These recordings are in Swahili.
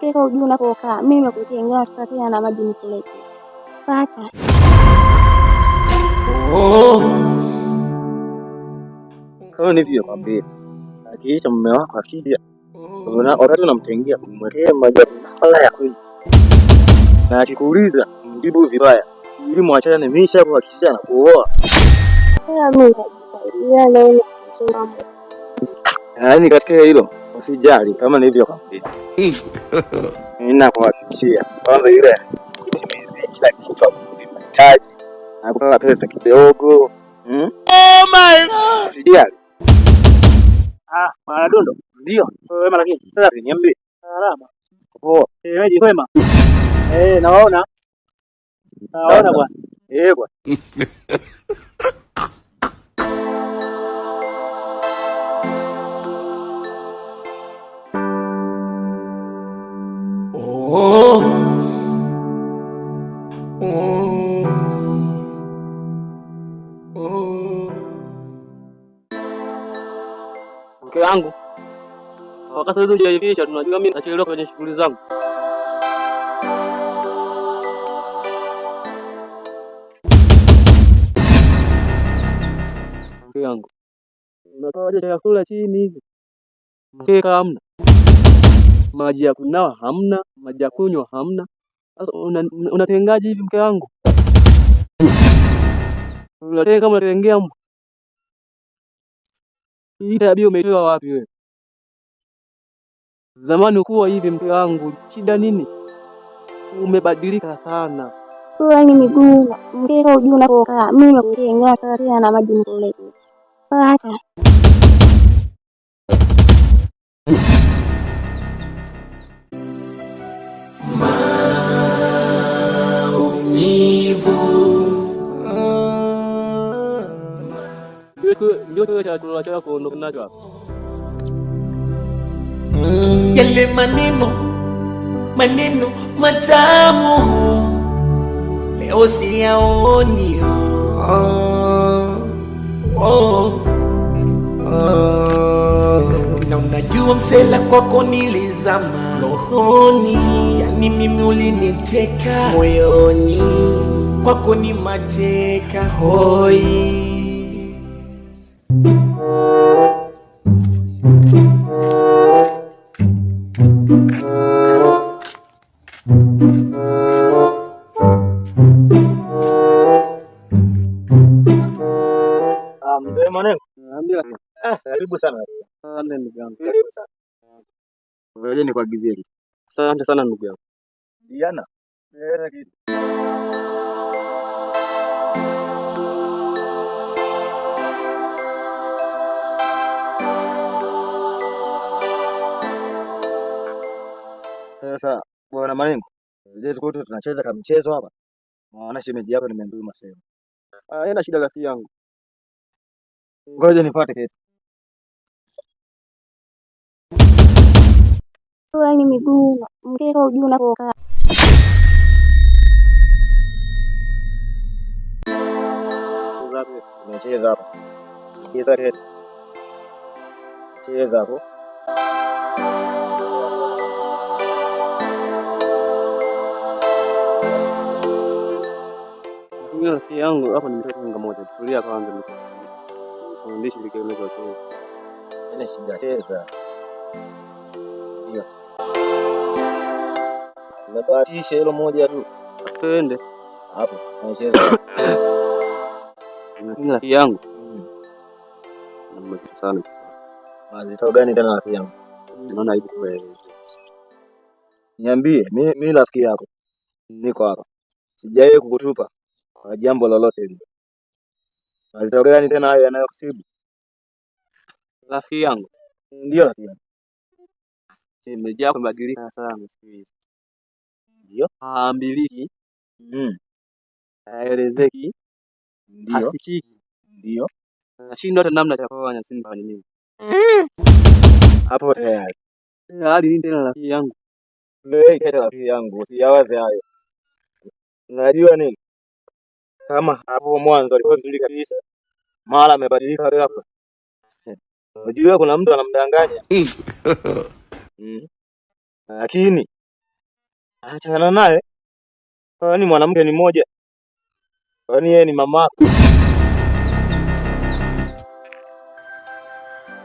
Ukipeleka ujuu unapokaa, mimi nimekuletea ingawa tena na maji nikulete. Pata. Oh. Kwa nivyo mambia. Akiisha mume wako akija. Una wakati unamtengia kumwekea maji pala ya kweli. Na akikuuliza mjibu vibaya. Ili mwachane na mimi shapo akisha na kuoa. Yaani katika hilo Usijali kama nilivyokwambia. Ninakuhakikishia kwanza, ile kutimizi kila kitu unahitaji, nakupa pesa kidogo. Hmm? Oh my God! Usijali. Ah, Maradondo ndio wema, lakini sasa niambie salama poa, eh, wewe kwema? Eh, naona naona bwana, eh bwana Oh. Oh. Oh. Mke wangu wakati hizi hujaivisha, tunajua mimi nachelewa kwenye shughuli zangu. Mke wangu unatoaje chakula chini hivi? Mkeka hamna maji ya kunawa hamna, maji ya kunywa hamna. Sasa unatengaje una hivi mke wangu? Unatenga kama unatengea mbwa. Hii tabia umeitoa wapi wewe? Zamani ukuwa hivi mke wangu, shida nini? Umebadilika sana. Ni miguu mpira, ujui unapokaa. Mimi nakutenga na maji mbolezi. Sasa ndio chakula nacho Yale maneno maneno matamu leo siyaoni. Oh, Na unajua msela kwako nilizama rohoni, yani mimi uliniteka moyoni, kwako ni mateka hoi Ah, ah, karibu sana. Asante Karibu sana. Asante sana ndugu yangu. Diana. Eh, Sasa bwana Malengo, je, tuko tunacheza kama mchezo hapa? Maana shemeji hapa nimeambiwa sema. Ah, ina shida rafiki yangu. Ngoja nifuate Wewe Ni miguu mkeka ujuu unapokaa. Unacheza hapa. Cheza kete. Cheza hapo. Ila rafiki yangu hapo nimetoka kinga moja. Tulia kwanza mimi. Fundishi ile kile cha choo. Ile shida cheza. Ndio. Nabatisha hilo moja tu. Asitende. Hapo nacheza. Ila rafiki yangu. Na mazito sana. Mazito gani tena rafiki yangu? Naona hivi kueleza. Niambie, mimi rafiki yako. Niko hapa. Sijawahi kukutupa kwa jambo lolote lile. Mazao gani tena hayo yanayokusibu rafiki yangu? Ndio rafiki yangu, imejaa kubadilika sana siku hizi. Ndio haambiliki, mm, haelezeki, Ndio. hasikiki, ndio nashindwa hata namna ya kufanya. Sini fanya nini mm. hapo? Tayari hali ni tena rafiki yangu, rafiki yangu, usiyawaze hayo. Unajua nini kama hapo mwanzo alikuwa vizuri kabisa, mara amebadilika ghafla. Unajua kuna mtu anamdanganya mm. Lakini anachangana naye, kwani mwanamke ni mmoja, kwani yeye ni mamako?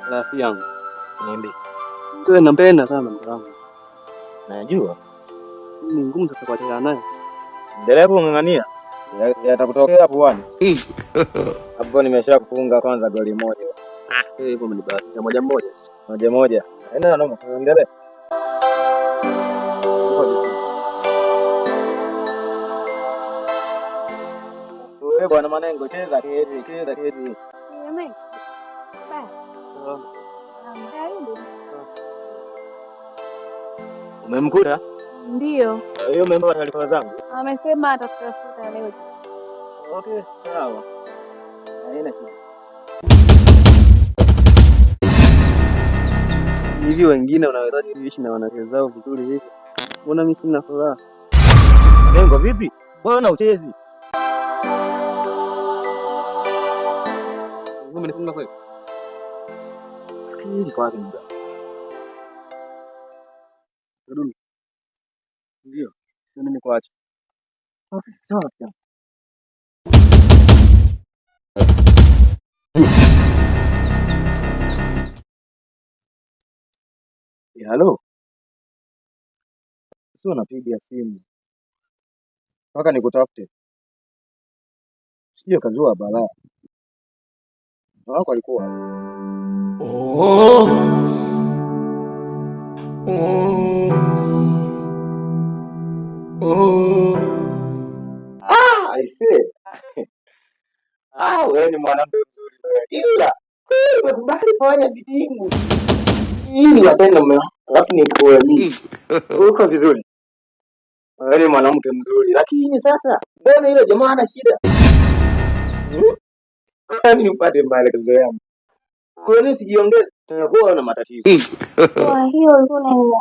Rafiki yangu, niambi, wewe unampenda sana mke wangu? Najua ni ngumu sasa kuachana naye, endelea kung'ang'ania yatakutokea puani hapo. Hmm. Nimesha kufunga kwanza goli ah. moja moja moja moja moja, endelea. Bwana Manengo, cheza kedi, cheza kedi. Umemkuta? Ndio. Hiyo memba taarifa zangu. Amesema atakutafuta leo. Okay, sawa. Haina shida. Hivi wengine wanawezaje kuishi na wanawake zao vizuri hivi? Mbona mimi sina furaha? Lengo vipi? Wewe una uchezi. Ngome nifunga kweli. Hii kwa nini? Ndio, mimi nikuache. Okay, sawa. Halo, sio unapiga simu mpaka nikutafute, Sio kazua balaa wako alikuwa oh. Oh. Oh. Ah, aisee. Ah, wewe ni mwanamke mzuri wewe. Ila umekubali kufanya vitingu. Ili atende mume wako. Alafu ni kwa mimi. Mm. Uko vizuri. Wewe ni mwanamke mzuri, lakini sasa mbona ile jamaa ana shida? Hmm? Kwani upate maelekezo yangu? Kwani usijiongeze, utakuwa una matatizo. Mm. Kwa hiyo ulikuwa ni nzuri.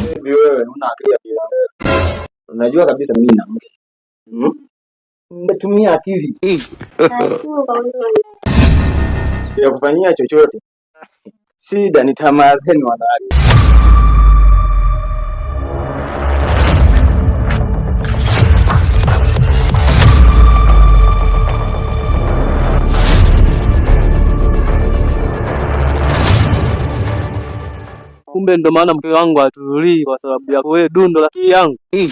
Hivi wewe una akili? Unajua kabisa mimi na mke. Mhm. akili. Hmm. Ya kufanyia chochote. Shida ni tamaa zenu wanawake. kumbe ndo maana mke wangu atulii kwa sababu ya wewe, dundo la yangu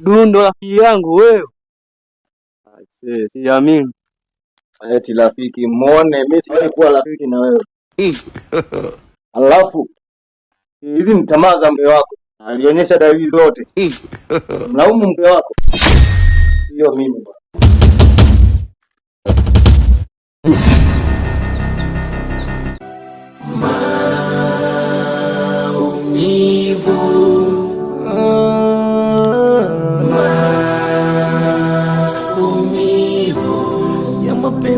dundo la kii yangu wewe, siamini eti rafiki mwone. Mimi sijawahi kuwa rafiki na wewe alafu hizi ni tamaa za mke wako, alionyesha dalili zote mlaumu mke wako, sio mimi bwana.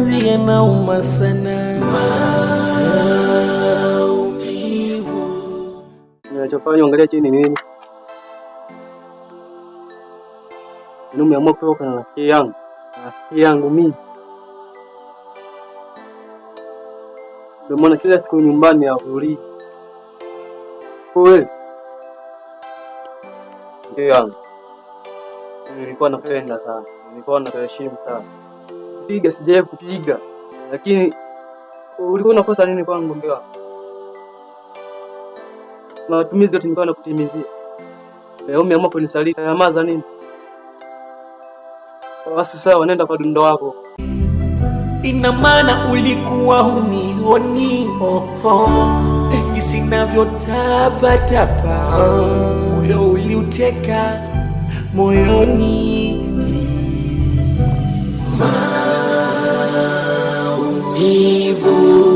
mapenzi yanauma sana. Unachofanya angalia chini nini? Umeamua kutoka na rafiki yangu, rafiki yangu mimi. Ndio maana kila siku nyumbani haulii kweli. Ndio yangu, nilikuwa napenda sana, nilikuwa nakuheshimu sana kupiga, sijawahi kupiga, lakini ulikuwa unakosa nini kwangu? Mke matumizi yote nilikuwa nakutimizia. Leo eh, umeamua kunisaliti, nyamaza nini? Basi sawa, wanaenda kwa dundo wako. Ina maana ulikuwa unioni oho, eh, jinsi navyotabataba, moyo uliuteka moyoni comigo.